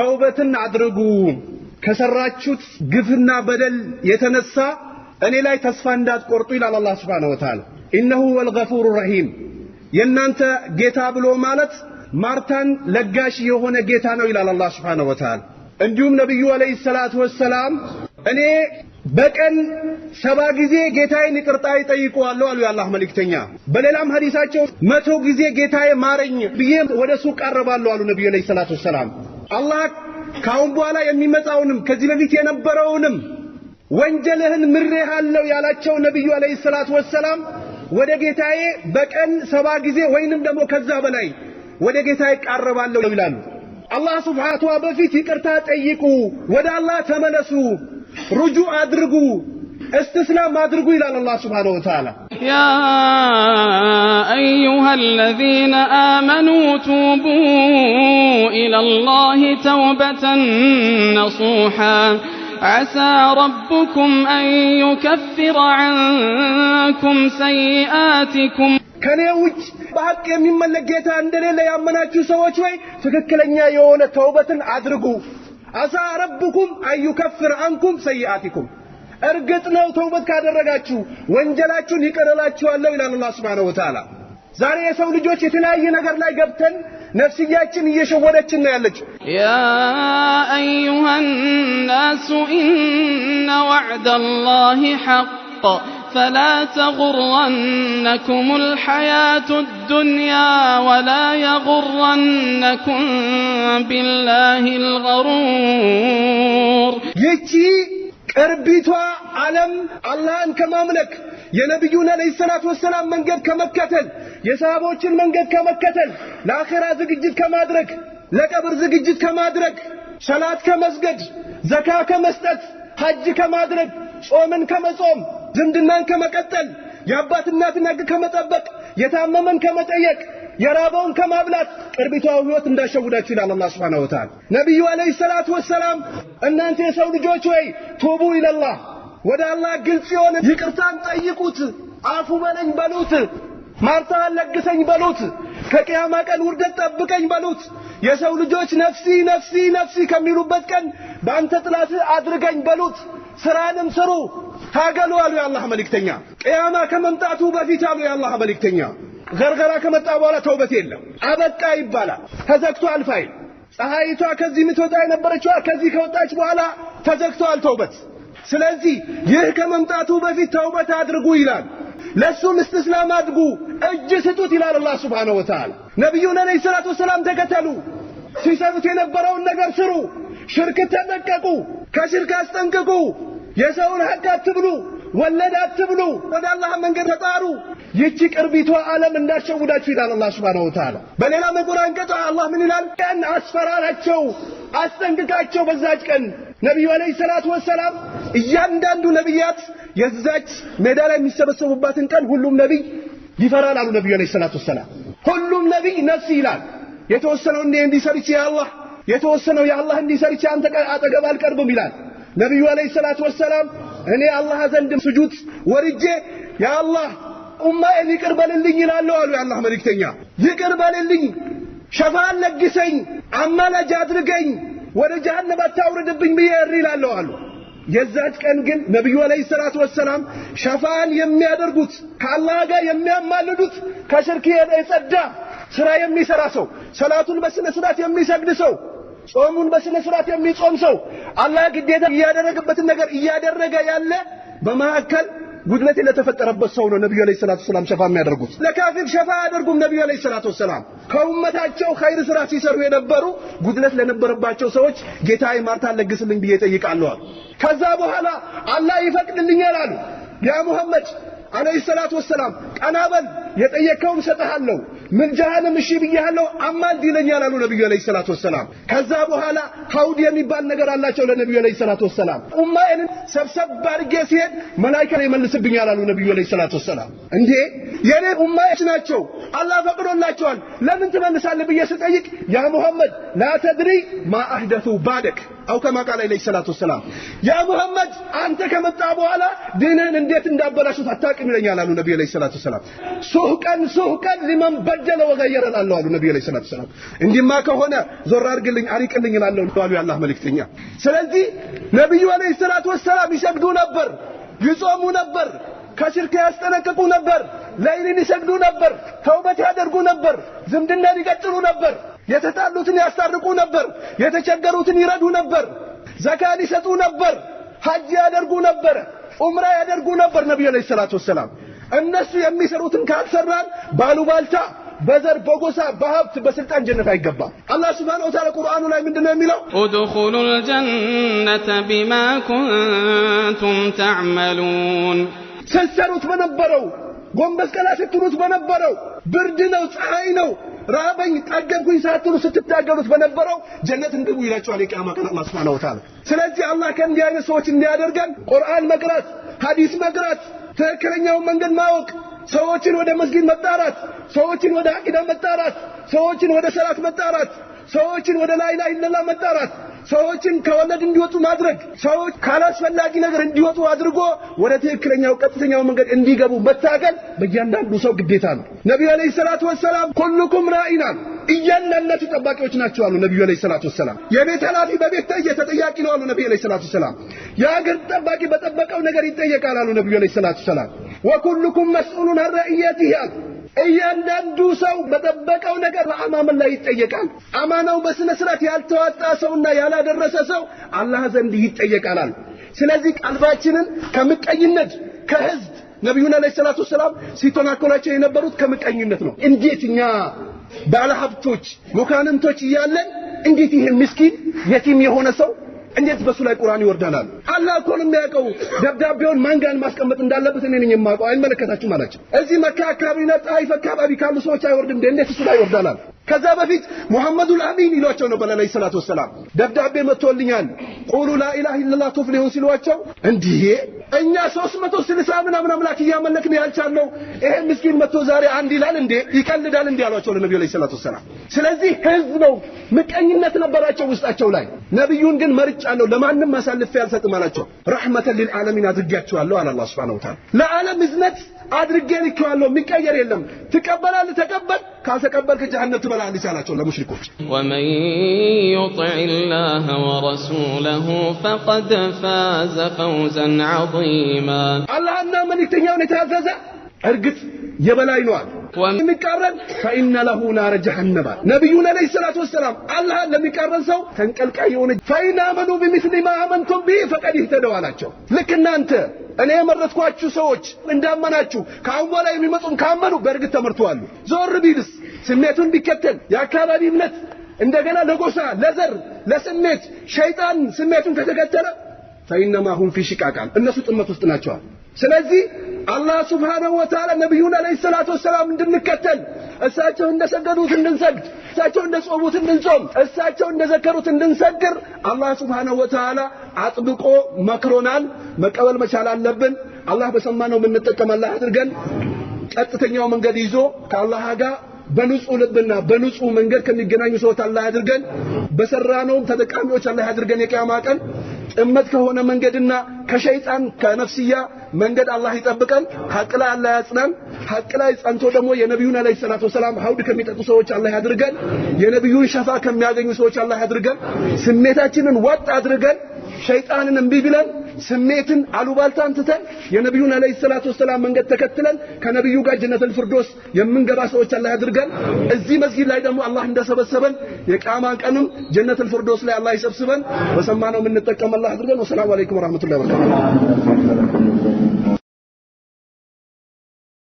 ተውበትን አድርጉ ከሰራችሁት ግፍና በደል የተነሳ እኔ ላይ ተስፋ እንዳትቆርጡ ይላል አላህ ሱብሓነሁ ወተዓላ። ኢነሁ ወልገፉሩ ረሂም የእናንተ ጌታ ብሎ ማለት ማርታን ለጋሽ የሆነ ጌታ ነው ይላል አላህ ሱብሓነሁ ወተዓላ። እንዲሁም ነቢዩ ዓለይሂ ሰላቱ ወሰላም እኔ በቀን ሰባ ጊዜ ጌታዬን ይቅርታ ይጠይቀዋለሁ አሉ የአላህ መልእክተኛ። በሌላም ሀዲሳቸው መቶ ጊዜ ጌታዬ ማረኝ ብዬ ወደ ሱቅ ቀረባለሁ አሉ ነቢዩ ዓለይሂ ሰላቱ ወሰላም። አላህ ካሁን በኋላ የሚመጣውንም ከዚህ በፊት የነበረውንም ወንጀልህን ምሬሃለሁ ያላቸው ነቢዩ አለይሂ ሰላቱ ወሰላም ወደ ጌታዬ በቀን ሰባ ጊዜ ወይንም ደግሞ ከዛ በላይ ወደ ጌታዬ ቃረባለሁ ይላሉ። አላህ ስብሓነሁ በፊት ይቅርታ ጠይቁ፣ ወደ አላህ ተመለሱ፣ ሩጁ አድርጉ استسلام ما ادري الى الله سبحانه وتعالى يا ايها الذين امنوا توبوا الى الله توبه نصوحا عسى ربكم ان يكفر عنكم سيئاتكم كان ከኔውጭ በሀቅ የሚመለክ ጌታ እንደሌለ ያመናችሁ ሰዎች ወይ ትክክለኛ توبة ተውበትን عسى ربكم أن يكفر عنكم سيئاتكم ارغتنا توبت كادرغاچو وانجلاچون يقرلاچو الله الى الله سبحانه وتعالى زاري يا سو لجوچ يتلاي نغر لاي غبتن نفسياچن يشودچن يالچ يا ايها الناس ان وعد الله حق فلا تغرنكم الحياة الدنيا ولا يغرنكم بالله الغرور يتي እርቢቷ ዓለም አላህን ከማምለክ የነቢዩን ዓለይሂ ሰላት ወሰላም መንገድ ከመከተል የሰሃቦችን መንገድ ከመከተል ለአኼራ ዝግጅት ከማድረግ ለቀብር ዝግጅት ከማድረግ ሰላት ከመስገድ ዘካ ከመስጠት ሐጅ ከማድረግ ጾምን ከመጾም ዝምድናን ከመቀጠል የአባትናትን ሕግ ከመጠበቅ የታመመን ከመጠየቅ የራበውን ከማብላት ቅርቢቷው ሕይወት እንዳሸውዳችሁ ይላል አላህ ሱብሓነሁ ወተዓላ። ነቢዩ ዓለይሂ ሰላቱ ወሰላም እናንተ የሰው ልጆች ወይ ቱቡ ኢለላህ ወደ አላህ ግልጽ የሆነ ይቅርታን ጠይቁት። አፉ በለኝ በሉት። ማርታ ለግሰኝ በሉት። ከቅያማ ቀን ውርደት ጠብቀኝ በሉት። የሰው ልጆች ነፍሲ ነፍሲ ነፍሲ ከሚሉበት ቀን በአንተ ጥላት አድርገኝ በሉት። ስራንም ስሩ ታገሉ አሉ የአላህ መልእክተኛ። ቅያማ ከመምጣቱ በፊት አሉ የአላህ መልእክተኛ። ገርገራ ከመጣ በኋላ ተውበት የለም አበቃ ይባላል። ተዘግቶ አልፋይል ፀሐይቷ ከዚህ የምትወጣ የነበረችዋ ከዚህ ከወጣች በኋላ ተዘግቷል ተውበት። ስለዚህ ይህ ከመምጣቱ በፊት ተውበት አድርጉ ይላል። ለሱም እስትስላም አድርጉ፣ እጅ ስጡት ይላል አላህ ሱብሓነሁ ወተዓላ። ነቢዩን ዐለይሂ ሰላቱ ወሰላም ተከተሉ፣ ሲሰሩት የነበረውን ነገር ስሩ፣ ሽርክ ተጠንቀቁ፣ ከሽርክ አስጠንቅቁ፣ የሰውን ሐቅ አትብሉ፣ ወለድ አትብሉ፣ ወደ አላህ መንገድ ተጣሩ። ይቺ ቅርቢቷ ዓለም እንዳሸውዳችሁ ይላል አላህ ሱብሓነሁ ወተዓላ። በሌላ መቁራን ቀጣ አላህ ምን ይላል? ቀን አስፈራራቸው፣ አስጠንቅቃቸው በዛች ቀን ነቢዩ አለይሂ ሰላቱ ወሰላም እያንዳንዱ ነቢያት የዛች ሜዳ ላይ የሚሰበሰቡባትን ቀን ሁሉም ነቢይ ይፈራል አሉ ነቢዩ አለይሂ ሰላቱ ወሰላም። ሁሉም ነቢይ ነፍስ ይላል። የተወሰነው እንዲህ እንዲሰርች የአላህ የተወሰነው የአላህ እንዲሰርች አንተ አጠገብ አልቀርብም ይላል ነቢዩ አለይሂ ሰላቱ ወሰላም። እኔ አላህ ዘንድ ስጁት ወርጄ የአላህ ኡማዬን ይቅር በልልኝ ይላለሁ አሉ የአላህ መልእክተኛ። ይቅር በልልኝ፣ ሸፋን ለግሰኝ፣ አማላጅ አድርገኝ ወደ ጀሃነም አታውርድብኝ ብዬ እሪ እላለሁ አሉ። የዛች ቀን ግን ነብዩ አለይሂ ሰላቱ ወሰላም ሸፋን የሚያደርጉት ከአላህ ጋር የሚያማልዱት ከሽርክ የጸዳ ስራ የሚሰራ ሰው፣ ሰላቱን በስነ ስርዓት የሚሰግድ ሰው፣ ጾሙን በስነ ስርዓት የሚጾም ሰው፣ አላህ ግዴታ እያደረገበትን ነገር እያደረገ ያለ በመካከል ጉድለት ለተፈጠረበት ሰው ነው ነብዩ አለይሂ ሰላቱ ሰላም ሸፋ የሚያደርጉት። ለካፊር ሸፋ አያደርጉም ነብዩ አለይሂ ሰላቱ ሰላም። ከኡመታቸው ኸይር ስራ ሲሰሩ የነበሩ ጉድለት ለነበረባቸው ሰዎች ጌታዬ ማርታን ለግስልኝ ብዬ እጠይቃለሁ ከዛ በኋላ አላህ ይፈቅድልኛል አሉ። ያ ሙሐመድ አለይሂ ሰላቱ ወሰላም ቀናበል በል የጠየከውን ሰጥሃለሁ ምልጃህንም እሺ ብያለሁ አማልድ ይለኛል አሉ ነብዩ አለይሂ ሰላቱ ወሰላም። ከዛ በኋላ ሀውድ የሚባል ነገር አላቸው ለነብዩ አለይሂ ሰላቱ ወሰላም። ኡማዬን ሰብሰብ አድርጌ ሲሄድ መላእክት ይመልስብኛል አሉ ነብዩ አለይሂ ሰላቱ ወሰላም። እንዴ የኔ ኡማዬች ናቸው አላህ ፈቅዶላቸዋል ለምን ትመልሳለህ ብዬ ስጠይቅ ያ ሙሐመድ ላ ተድሪ ማ አህደቱ ባደክ አው ከማ ቃል አለይሂ ሰላቱ ወሰላም ያ ሙሐመድ አንተ ከመጣ በኋላ ዲንህን እንዴት እንዳበላሹት አታውቅም ይለኛል አሉ ነብዩ አለይሂ ሰላቱ ወሰላም። ሱህቀን ሱህቀን ሊመን በደለ ወገየረ እላለሁ አሉ ነብዩ አለይሂ ሰላቱ ወሰላም። እንዲህማ ከሆነ ዞር አድርግልኝ አሪቅልኝ እላለሁ አሉ የአላህ መልእክተኛ። ስለዚህ ነብዩ አለይሂ ሰላቱ ወሰላም ይሰግዱ ነበር፣ ይጾሙ ነበር፣ ከሽርክ ያስጠነቅቁ ነበር፣ ለይልን ይሰግዱ ነበር፣ ተውበት ያደርጉ ነበር፣ ዝምድናን ይቀጥሉ ነበር። يتتالوتن يستردقو نبر يتشجروتن يردو نبر زكاة يسطو نبر حج يدرقو نبر عمره يدرقو نبر نبي عليه الصلاة والسلام الناس يميسروتن كالسران بالو بالتا بزر بغوسا بهبت بسلطان جنة هاي قبا الله سبحانه وتعالى قرآن لا يمدنا ميلو ادخلوا الجنة بما كنتم تعملون سلسلوا تبنبروا قوم بس ستروا تبنبروا بردنا وتحاينوا ራበኝ ጠገብኩኝ ሳትሉ ስትታገሉት በነበረው ጀነት እንግቡ ይላቸዋል የቂያማ ቀን አላህ ሱብሓነሁ ወተዓላ። ስለዚህ አላህ ከእንዲህ አይነት ሰዎች እንዲያደርገን ቁርአን መቅራት፣ ሐዲስ መቅራት፣ ትክክለኛውን መንገድ ማወቅ፣ ሰዎችን ወደ መስጊድ መጣራት፣ ሰዎችን ወደ አቂዳ መጣራት፣ ሰዎችን ወደ ሰላት መጣራት ሰዎችን ወደ ላይ ላይ ለላ መጣራት ሰዎችን ከወለድ እንዲወጡ ማድረግ ሰዎች ካላስፈላጊ ነገር እንዲወጡ አድርጎ ወደ ትክክለኛው ቀጥተኛው መንገድ እንዲገቡ መታገል በእያንዳንዱ ሰው ግዴታ ነው። ነቢዩ አለይሂ ሰላቱ ወሰላም ኩልኩም ራኢን አሉ። እያንዳንዳችሁ ጠባቂዎች ናቸው አሉ ነቢዩ አለይሂ ሰላቱ ወሰላም። የቤት ኃላፊ በቤት ተየ ተጠያቂ ነው አሉ ነቢዩ አለይሂ ሰላቱ ወሰላም። የአገር ጠባቂ በጠበቀው ነገር ይጠየቃል አሉ ነቢዩ አለይሂ ሰላቱ ወሰላም። ወኩልኩም መስኡሉን አን ረዕየቲሂ እያንዳንዱ ሰው በጠበቀው ነገር በአማመን ላይ ይጠየቃል። አማናው በስነ ስርዓት ያልተዋጣ ሰውና ያላደረሰ ሰው አላህ ዘንድ ይጠየቃል። ስለዚህ ቀልባችንን ከምቀኝነት ከህዝብ ነቢዩን ዓለይሂ ሰላቱ ሰላም ሲተናኮላቸው የነበሩት ከምቀኝነት ነው። እንዴት እኛ ባለሀብቶች መኳንንቶች እያለን እንዴት ይህን ምስኪን የቲም የሆነ ሰው እንዴት በሱ ላይ ቁርአን ይወርዳላል? አላህ እኮ ነው የሚያውቀው። ደብዳቤውን ማንጋን ማስቀመጥ እንዳለበት እኔ ነኝ የማውቀው፣ አይመለከታችሁም አላቸው። እዚህ መካ አካባቢና ጣይፍ አካባቢ ካሉ ሰዎች አይወርድም እንዴ? እንዴት እሱ ላይ ይወርዳላል? ከዛ በፊት ሙሐመዱል አሚን ይሏቸው ነበር አለይሂ ሰላቱ ወሰላም። ደብዳቤ መጥቶልኛል ቁሉ ላኢላሃ ኢለላህ ቱፍሊሁን ሲሏቸው እንዲህ እኛ 360 ምናምን አምላክ እያመለክን ያልቻለው ይሄ ምስኪን መጥቶ ዛሬ አንድ ይላል እንዴ ይቀልዳል እንዴ አሏቸው ለነብዩ አለይሂ ሰላቱ ወሰላም። ስለዚህ ህዝብ ነው ምቀኝነት ነበራቸው ውስጣቸው ላይ። ነብዩን ግን መርጫለሁ ለማንም አሳልፌ አልሰጥም አላቸው። ረህመተን ሊልዓለሚን አድርጌያቸዋለሁ አለ አላህ ሱብሓነሁ ወተዓላ። ለዓለም ህዝነት አድርጌልከዋለሁ የሚቀየር የለም። ትቀበላለህ ተቀበል كاسكبلك جهنم تبلان ديسالا تشون للمشركين ومن يطع الله ورسوله فقد فاز فوزا عظيما الله انا من يتنياو نتازازا ارغت يبلاي نوال ومكارن فإن له نار جهنم نبينا عليه الصلاة والسلام الله لم يكارن سو تنقل كيون فإن آمنوا بمثل ما آمنتم به فقد اهتدوا على جو لكن أنت أنا مرت كواتشو سوتش من دام مناتشو كام ولا يميمتون كامنوا برق التمرتوالو زور بيدس سميتون بكتن يا كابابي منت عندنا لغوصا لزر لسميت شيطان سميتون تتكتر ፈኢነማ ሁም ፊ ሽቃቃን እነሱ ጥመት ውስጥ ናቸዋል። ስለዚህ አላህ ሱብሓነሁ ወተዓላ ነቢዩን ዓለይሂ ሰላቱ ወሰላም እንድንከተል እሳቸው እንደሰገዱት እንድንሰግድ፣ እሳቸው እንደጾሙት እንድንጾም፣ እሳቸው እንደዘከሩት እንድንሰግር አላህ ሱብሓነሁ ወተዓላ አጥብቆ መክሮናል። መቀበል መቻል አለብን። አላህ በሰማነው የምንጠቀም አላህ አድርገን ቀጥተኛው መንገድ ይዞ ከአላህ ጋር በንጹህ ልብና በንጹህ መንገድ ከሚገናኙ ሰዎች አላህ አድርገን። በሰራነውም ተጠቃሚዎች አላህ አድርገን የቂያማ ቀን እመት ከሆነ መንገድና ከሸይጣን ከነፍስያ መንገድ አላህ ይጠብቀን። ሐቅ ላይ አላህ ያጽናን። ሐቅ ላይ ጸንቶ ደግሞ የነቢዩን አለይሂ ሰላቱ ወሰላም ሐውድ ከሚጠጡ ሰዎች አላህ ያድርገን። የነቢዩን ሸፋ ከሚያገኙ ሰዎች አላህ ያድርገን። ስሜታችንን ወጥ አድርገን ሸይጣንን እምቢ ብለን ስሜትን፣ አሉባልታን ትተን የነቢዩን አለይሂ ሰላቱ ወሰላም መንገድ ተከትለን ከነቢዩ ጋር ጀነተል ፍርዶስ የምንገባ ሰዎች አላህ ያድርገን። እዚህ መስጊድ ላይ ደግሞ አላህ እንደሰበሰበን የቂያማ ቀንም ጀነተል ፍርዶስ ላይ አላህ ይሰብስበን። በሰማነው የምንጠቀም አላህ ያድርገን። ወሰላሙ አለይኩም ወራህመቱላሂ ወበረካቱ።